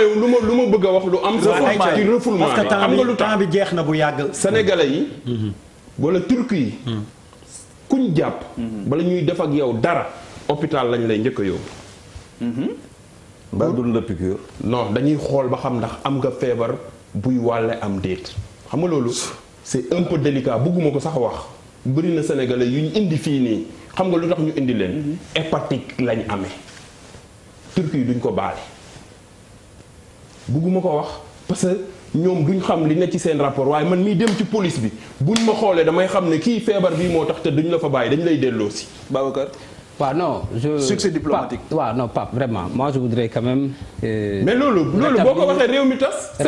yow lu ma lu ma bëgg a wax lu am. refoulement ci refoulement bi xam nga lu temps bi jeex na bu yàgg. sénégalais yi. wala turc yi. kuñ jàpp. bala ñuy def ak yow dara. hôpital lañ lay njëkk a yóbbu. ba dul la piqûre. non dañuy xool ba xam ndax am nga feebar buy wàlle am déet xam nga loolu c'est un peu délicat bëgguma ko sax wax bëri na sénégalais yu ñu indi fii nii xam nga lu tax ñu indi leen. Mhm. hépatite lañ amee. turc yi duñ ko baale. bugguma ko wax parce que ñoom duñ xam li ne ci seen rapport waaye man mii dem ci police bi buñ ma xoolee damay xam ne kii feebar bi moo tax te duñ la fa bàyyi dañu lay delloo si. Babacar. waaw non je succès diplomatique. waaw non Pape vraiment moi je voudrais quand même. Euh, mais loolu loolu boo ko waxee réew mi tas.